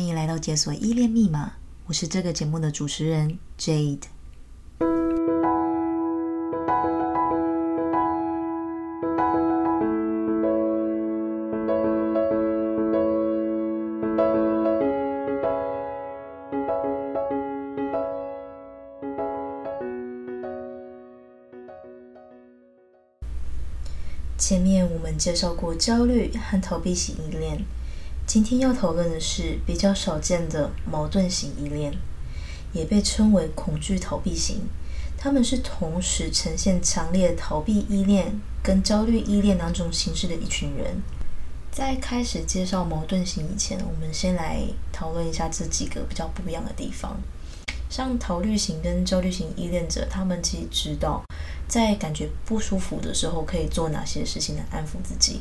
歡迎來到《解鎖依戀密碼》，我是這個節目的主持人 Jade。前面我們介紹過焦慮和逃避型依戀。今天要討論的是比較少見的矛盾型依戀，也被稱為恐懼逃避型。他們是同時呈現強烈逃避依戀跟焦慮依戀兩種形式的一群人。在開始介紹矛盾型以前，我們先來討論一下這幾個比較不一樣的地方。像逃避型跟焦慮型依戀者，他們其實知道在感覺不舒服的時候，可以做哪些事情來安撫自己。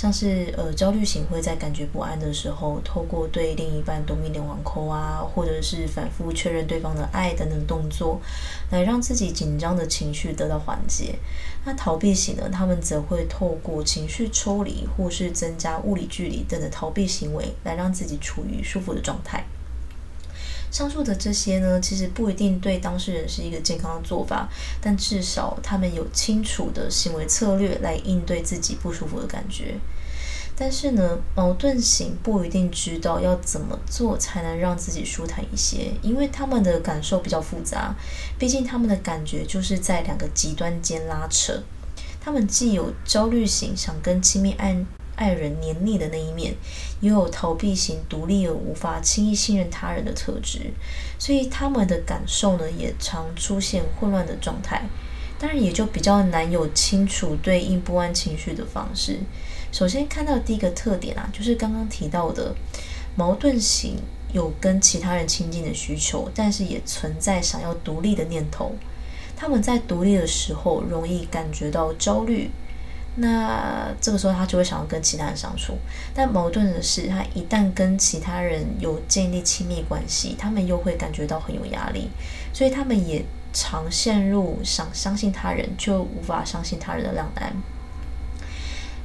像是呃焦慮型會在感覺不安的時候，透過對另一半奪命連環 call 啊，或者是反覆確認對方的愛等等動作，來讓自己緊張的情緒得到緩解。那逃避型呢，他們則會透過情緒抽離或是增加物理距離等的逃避行為，來讓自己處於舒服的狀態。上述的這些呢，其實不一定對當事人是一個健康的做法，但至少他們有清楚的行為策略來應對自己不舒服的感覺。但是呢，矛盾型不一定知道要怎麼做才能讓自己舒坦一些，因為他們的感受比較複雜，畢竟他們的感覺就是在兩個極端間拉扯。他們既有焦慮型想跟親密愛愛人黏膩的那一面，也有逃避型、獨立而無法輕易信任他人的特質，所以他們的感受呢，也常出現混亂的狀態，當然也就比較難有清楚對應不安情緒的方式。首先看到第一個特點啊，就是剛剛提到的矛盾型，有跟其他人親近的需求，但是也存在想要獨立的念頭。他們在獨立的時候，容易感覺到焦慮。那這個時候，他就會想要跟其他人相處。但矛盾的是，他一旦跟其他人有建立親密關係，他們又會感覺到很有壓力，所以他們也常陷入想相信他人卻無法相信他人的兩難。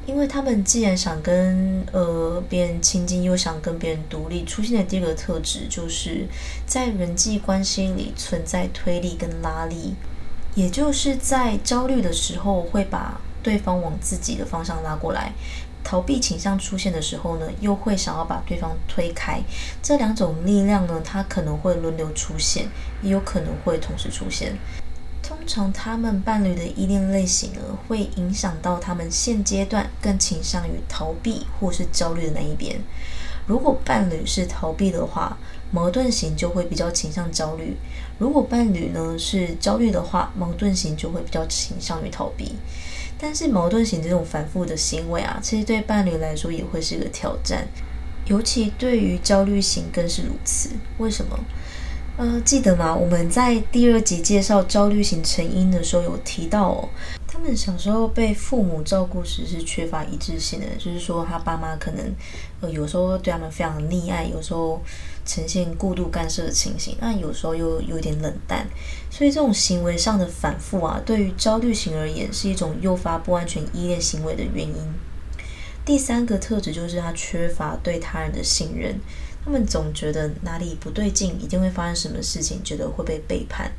因為他們既然想跟呃別人親近，又想跟別人獨立，出現的第一個特質就是在人際關係裡存在推力跟拉力，也就是在焦慮的時候會把對方往自己的方向拉過來，逃避傾向出現的時候呢，又會想要把對方推開。這兩種力量呢，它可能會輪流出現，也有可能會同時出現。通常他們伴侶的依戀類型呢，會影響到他們現階段更傾向於逃避或是焦慮的那一邊。如果伴侶是逃避的話，矛盾型就會比較傾向焦慮；如果伴侶呢是焦慮的話，矛盾型就會比較傾向於逃避。但是矛盾型這種反覆的行為啊，其實對伴侶來說也會是個挑戰，尤其對於焦慮型更是如此。為什麼？呃，記得嗎？我們在第二集介紹焦慮型成因的時候有提到哦，他們小時候被父母照顧時是缺乏一致性的，就是說他爸媽可能，呃，有時候對他們非常溺愛，有時候。呈現過度干涉的情形，但有時候又有點冷淡，所以這種行為上的反覆啊，對於焦慮型而言是一種誘發不安全依戀行為的原因。第三個特質就是他缺乏對他人的信任，他們總覺得哪裡不對勁，一定會發生什麼事情，覺得會被背叛，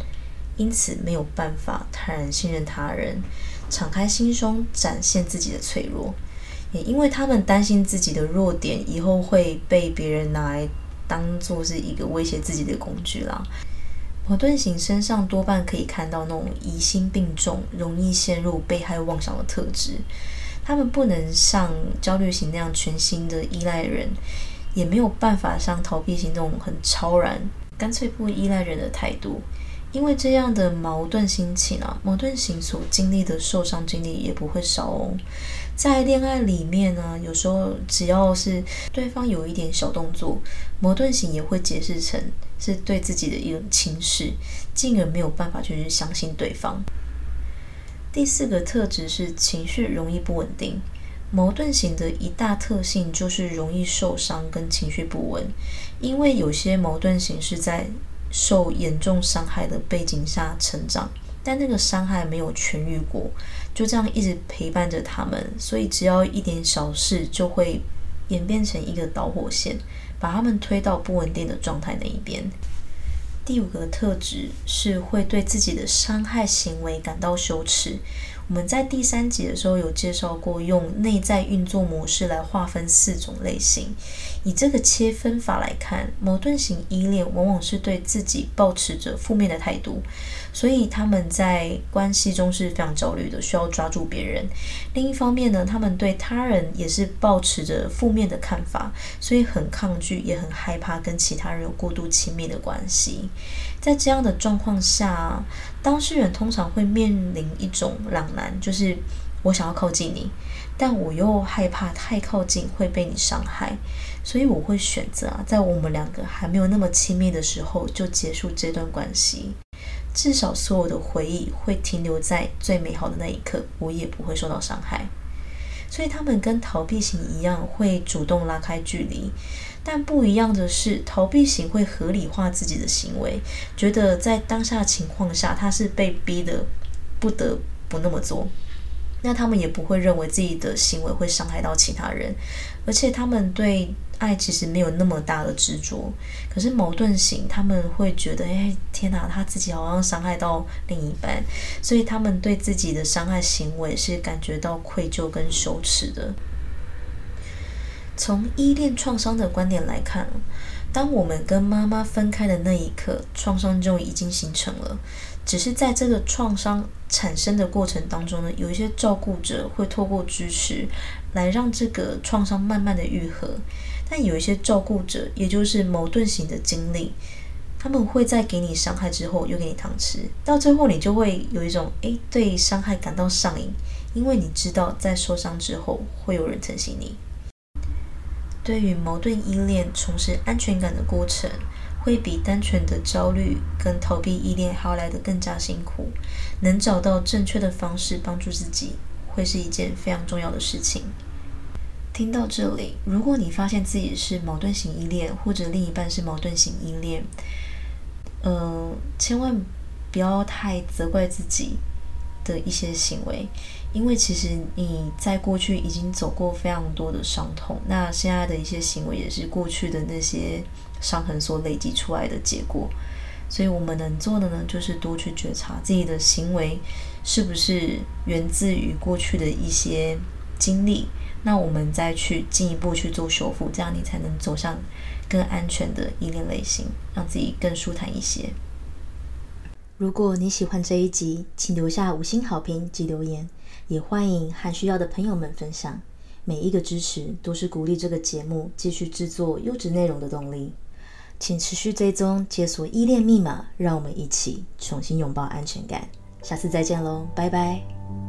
因此沒有辦法坦然信任他人，敞開心胸展現自己的脆弱，也因為他們擔心自己的弱點以後會被別人拿來。當做是一個威脅自己的工具啦。矛盾型身上多半可以看到那種疑心病重、容易陷入被害妄想的特質。他們不能像焦慮型那樣全心的依賴人，也沒有辦法像逃避型那種很超然、乾脆不會依賴人的態度。因為這樣的矛盾心情啊，矛盾型所經歷的受傷經歷也不會少哦。在戀愛裡面呢，有時候只要是對方有一點小動作，矛盾型也會解釋成是對自己的一種輕視，進而沒有辦法去相信對方。第四個特質是情緒容易不穩定，矛盾型的一大特性就是容易受傷跟情緒不穩，因為有些矛盾型是在受嚴重傷害的背景下成長。但那個傷害沒有痊癒過，就這樣一直陪伴着他們，所以只要一點小事就會演變成一個導火線，把他們推到不穩定的狀態那一邊。第五個特質是會對自己的傷害行為感到羞恥。我們在第三集的時候有介紹過，用內在運作模式來劃分四種類型。以這個切分法來看，矛盾型依戀往往是對自己抱持着負面的態度。所以他們在關係中是非常焦慮的，需要抓住別人。另一方面呢，他們對他人也是抱持着負面的看法，所以很抗拒，也很害怕跟其他人有過度親密的關係。在這樣的狀況下，當事人通常會面臨一種兩難：就是我想要靠近你，但我又害怕太靠近會被你傷害，所以我會選擇啊，在我們兩個還沒有那麼親密的時候就結束這段關係。至少所有的回憶會停留在最美好的那一刻，我也不會受到傷害。所以他們跟逃避型一樣，會主動拉開距離，但不一樣的是，逃避型會合理化自己的行為，覺得在當下情況下，他是被逼的不得不那麼做。那他們也不會認為自己的行為會傷害到其他人，而且他們對愛其實沒有那麼大的執着。可是矛盾型，他們會覺得，哎，天哪，他自己好像傷害到另一半，所以他們對自己的傷害行為是感覺到愧疚跟羞恥的。從依戀創傷的觀點來看，當我們跟媽媽分開的那一刻，創傷就已經形成了。只是在這個創傷產生的過程當中呢，有一些照顧者會透過支持來讓這個創傷慢慢的癒合，但有一些照顧者，也就是矛盾型的經歷，他們會，在給你傷害之後又給你糖吃，到最後你就會有一種誒，對傷害感到上癮，因為你知道在受傷之後會有人疼惜你。對於矛盾依戀重拾安全感的過程，會比單純的焦慮跟逃避依戀還要來得更加辛苦，能找到正確的方式幫助自己，會是一件非常重要的事情。聽到這裡，如果你發現自己是矛盾型依戀，或者另一半是矛盾型依戀，嗯、呃，千萬不要太責怪自己的一些行為。因為其實你在過去已經走過非常多的傷痛，那現在的一些行為也是過去的那些傷痕所累積出來的結果。所以我們能做的呢，就是多去覺察自己的行為是不是源自於過去的一些經歷，那我們再去進一步去做修復，這樣你才能走向更安全的依戀類型，讓自己更舒坦一些。如果你喜歡這一集，請留下五星好評及留言，也歡迎和需要的朋友們分享。每一個支持都是鼓勵這個節目繼續製作優質內容的動力。請持續追蹤，解鎖依戀密碼，讓我們一起重新擁抱安全感。下次再見嘍，拜拜。